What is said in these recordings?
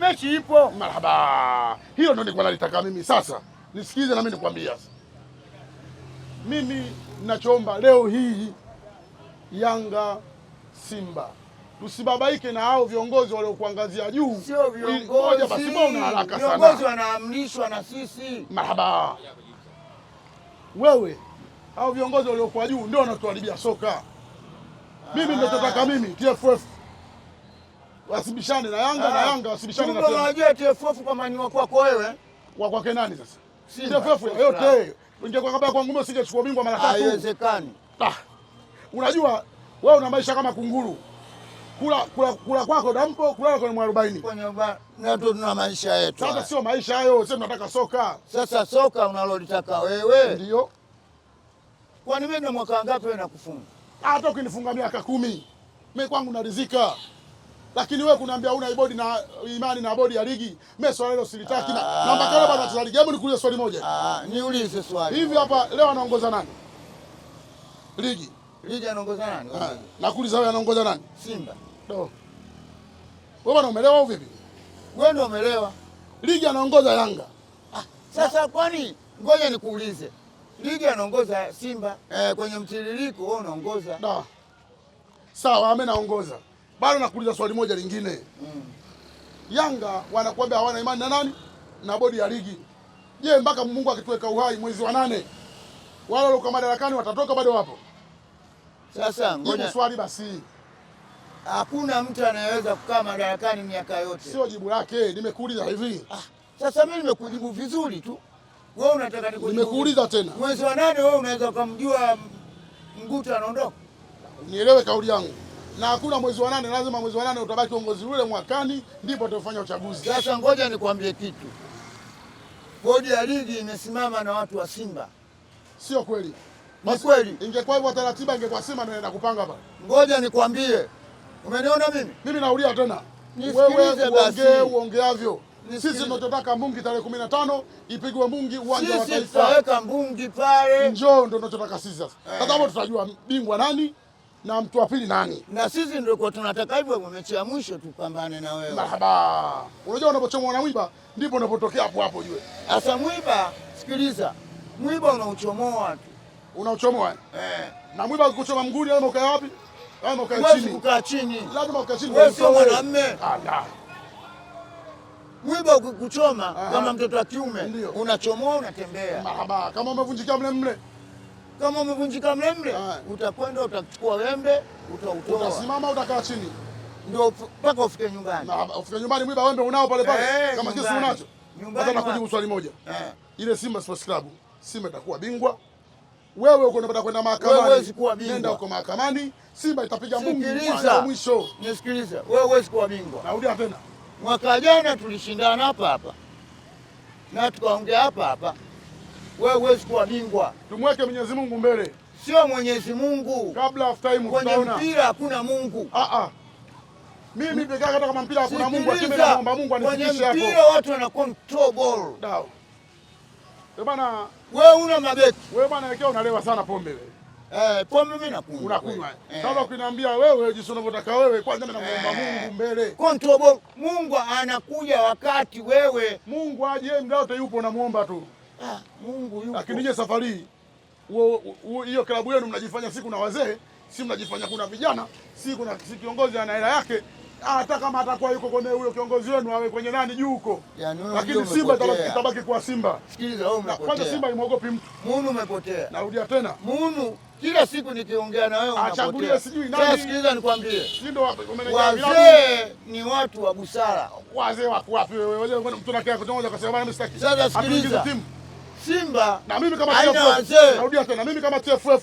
mechi ipo marhaba. Hiyo ndio nilikuwa nalitaka mimi. Sasa nisikize nami nikwambia, sasa mimi nachoomba leo hii Yanga Simba tusibabaike na hao viongozi waliokuangazia juu. Sio viongozi basi, mbona una haraka sana? Viongozi wanaamrishwa na sisi. Marhaba wewe, hao viongozi waliokuwa juu ndio wanatuharibia soka. Mimi ndio nataka mimi TFF wasibishane na Yanga na ah, Yanga wasibishane na Simba. Unajua TFF kama ni wako wako wewe. Kwa kwake nani sasa? TFF yote. Ungekuwa kabla kwa ngumu singechukua bingwa mara tatu. Haiwezekani. Ah. Unajua wewe una maisha kama kunguru. Kula kula kula kwako dampo, kula kwenye mwarobaini. Kwenye na tu tuna maisha yetu. Sasa sio maisha hayo, sasa tunataka soka. Sasa soka unalolitaka wewe. Ndio. Kwani wewe na mwaka ngapi wewe nakufunga? Hata ukinifunga miaka kumi. Mimi kwangu naridhika lakini wewe kunaambia una ibodi na imani na bodi ya ligi. Mimi swali hilo silitaki na namba kana bado tunacheza ligi. Hebu nikuulize swali moja. Ah, niulize swali. Hivi hapa leo anaongoza nani? Ligi. Ligi anaongoza nani? Ah, Nakuuliza wewe anaongoza nani? Simba. Do. Wewe bwana umeelewa au vipi? Wewe ndio umeelewa. Ligi anaongoza Yanga. Ah, sasa kwani ngoja nikuulize. Ligi anaongoza Simba. Eh, kwenye mtiririko wewe unaongoza. Da. Sawa, ame naongoza bado nakuuliza swali moja lingine mm. Yanga wanakuambia hawana imani na nani na bodi ya ligi. Je, mpaka Mungu akituweka uhai mwezi wa nane wale waliokuwa madarakani watatoka bado wapo? Sasa ngoja swali basi. Hakuna mtu anayeweza kukaa madarakani miaka yote. Sio jibu lake, nimekuuliza hivi. Ah, sasa mimi nimekujibu vizuri tu. Wewe unataka nikujibu. Nimekuuliza tena. Mwezi wa nane wewe unaweza ukamjua mguto anaondoka. Nielewe kauli yangu na hakuna mwezi wa nane, lazima mwezi wa nane utabaki uongozi ule, mwakani ndipo tutafanya uchaguzi. Sasa ngoja nikwambie kitu, bodi ya ligi imesimama na watu wa Simba. Sio kweli? Ni kweli. Ingekuwa hivyo taratiba, ingekuwa Simba ndio inaenda kupanga hapa. Ngoja nikwambie, umeniona mimi? Mimi naulia tena, wewe uongee uongeavyo sisi tunachotaka mbungi tarehe kumi na tano ipigwe mbungi uwanja wa Taifa, tutaweka mbungi pale, njoo ndo tunachotaka sisi sasa. Eh. Sasa hapo tutajua bingwa nani na mtu wa pili nani? Na sisi ndio kwa tunataka hivyo, kwa mechi ya mwisho tupambane na wewe. Marhaba. Unajua unapochomwa na mwiba ndipo unapotokea hapo hapo jue. Asa mwiba, sikiliza, mwiba unauchomoa tu, unauchomoa eh. Na mwiba ukichoma mguuni au mkae wapi? Au mkae chini. Wewe ukae chini, lazima ukae chini. Wewe sio mwanamume. Ala. mwiba ukikuchoma kama mtoto wa kiume unachomoa, unatembea. Marhaba, kama umevunjika mle mle kama umevunjika mlemle, utakwenda utachukua wembe, utautoa, utasimama, utakaa chini, ndio mpaka ufike nyumbani. Na ufike nyumbani, mwiba wembe unao pale pale, eh, kama kesi unacho. nyumbani. Sasa nakujibu swali moja, eh. ile Simba Sports Club, Simba itakuwa bingwa wewe uko unataka kwenda mahakamani, wewe kuwa bingwa, nenda uko mahakamani. Simba itapiga Mungu mara mwisho. Nisikilize wewe, huwezi kuwa bingwa. Narudia tena, mwaka jana tulishindana hapa hapa na tukaongea hapa hapa wewe huwezi kuwa bingwa. Tumweke Mwenyezi Mungu mbele, sio Mwenyezi Mungu kabla of time. Kwenye mpira hakuna Mungu. Ah ah, mimi pekee hmm? hata kama mpira hakuna Mungu, lakini naomba Mungu anifikishe hapo. Kwenye mpira watu wana control ball dao. Eh bana, wewe una mabeki wewe bwana, wekea unalewa sana pombe wewe. Eh, pombe mimi nakunywa. Unakunywa. Eh. Sasa ukiniambia wewe jinsi unavyotaka wewe, kwanza mimi namuomba eh. Mungu mbele. Control ball. Mungu anakuja wakati wewe. Mungu aje mdao yupo, namuomba tu. Ah, Mungu yuko. Lakini je, safari hiyo klabu yenu mnajifanya si kuna wazee, si mnajifanya kuna vijana, si kuna si kiongozi ana hela yake. Hata kama atakuwa yuko kwenye huyo kiongozi wenu awe kwenye nani juu huko. Yani, lakini Simba itabaki kuwa Simba. Sikiliza wewe umepotea. Kwanza Simba imwogopi mtu. Munu umepotea. Narudia tena. Munu kila siku nikiongea na wewe unapotea. Achagulie sijui nani. Sasa sikiliza nikwambie. Ndio wazee ni watu wa busara. Wazee wako wapi wewe? Wewe mtu unakaa kutongoza kwa sababu mimi sitaki. Sasa sikiliza. timu Simba na mimi kama TFF, narudia tena, mimi kama TFF,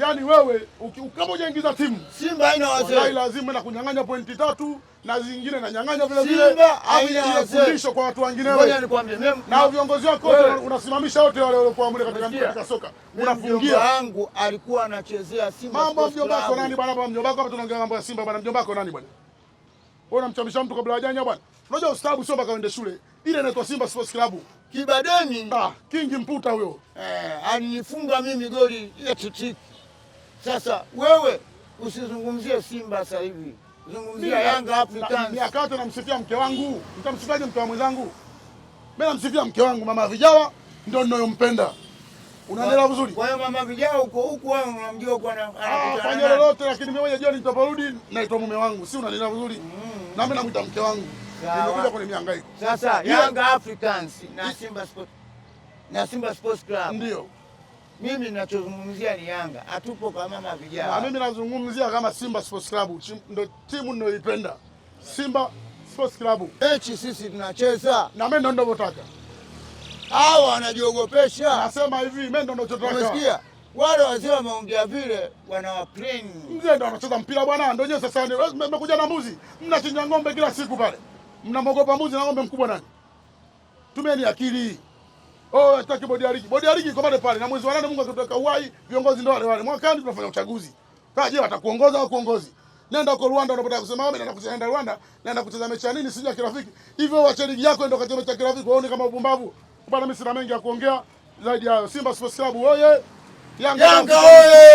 yani wewe kama hujaingiza timu Simba haina wazee, lazima na kunyang'anya pointi tatu na zingine na nyang'anya vile vile, au fundisho kwa watu wengine. Wewe na viongozi wako wote unasimamisha wote wale waliokuwa mle katika mpira katika soka, unafungia wangu alikuwa anachezea Simba. Mambo mjomba wako nani bwana? Mjomba wako hapa, tunaongea mambo ya Simba bwana. Mjomba wako nani bwana? Wewe unamchamisha mtu kabla hajanya bwana. Unajua ustaabu sio mpaka uende shule. Ile inaitwa Simba Sports Club. Kibadeni ah, King Mputa huyo. Eh, alinifunga mimi goli ya tutiki. Sasa wewe usizungumzie Simba sasa hivi. Zungumzia Yanga Africans. Miaka akato namsifia mke wangu. Nitamsifiaje mke wa mwenzangu? Mimi namsifia mke wangu mama Vijawa ndio ninayompenda. Unaendelea vizuri. Kwa hiyo mama Vijawa uko huko wewe unamjua huko na ah, Fanya lolote lakini mimi moja jioni nitaporudi naitwa mume wangu. Si unaendelea vizuri? Mm. Na mimi namuita mke wangu nimekuja kwenye mihangaiko sasa. Young Africans na Simba Sports na Simba Sports Club ndio mimi ninachozungumzia ni Yanga, hatupo kwa mama vijana. Na mimi nazungumzia kama Simba Sports Club ndio timu ninayoipenda, Simba Sports Club. Mechi sisi tunacheza, na mimi ndio ninavyotaka. Hawa wanajiogopesha. Nasema hivi, mimi ndio ninachotaka. Umesikia? Wale wazee wameongea vile, wanawaplain. Mzee ndio anacheza mpira bwana, ndio yeye sasa. Mmekuja na mbuzi, mnachinja ng'ombe kila siku pale mnamwogopa mbuzi na ng'ombe mkubwa nani? Tumeni akili. Oh, nataka bodi ya ligi. Bodi ya ligi iko pale pale na mwezi wa nane Mungu akitaka uhai, viongozi ndio wale wale. Mwakani tunafanya uchaguzi. Kaa je, watakuongoza au kuongozi? Nenda huko Rwanda unapotaka kusema wewe nenda kucheza nenda Rwanda, nenda kucheza mechi ya nini ya kirafiki. Hivyo wacha ligi yako ndio kacheza mechi ya kirafiki waone kama upumbavu. Bwana mimi sina mengi ya kuongea zaidi ya Simba Sports Club oye. Yanga, Yanga oye.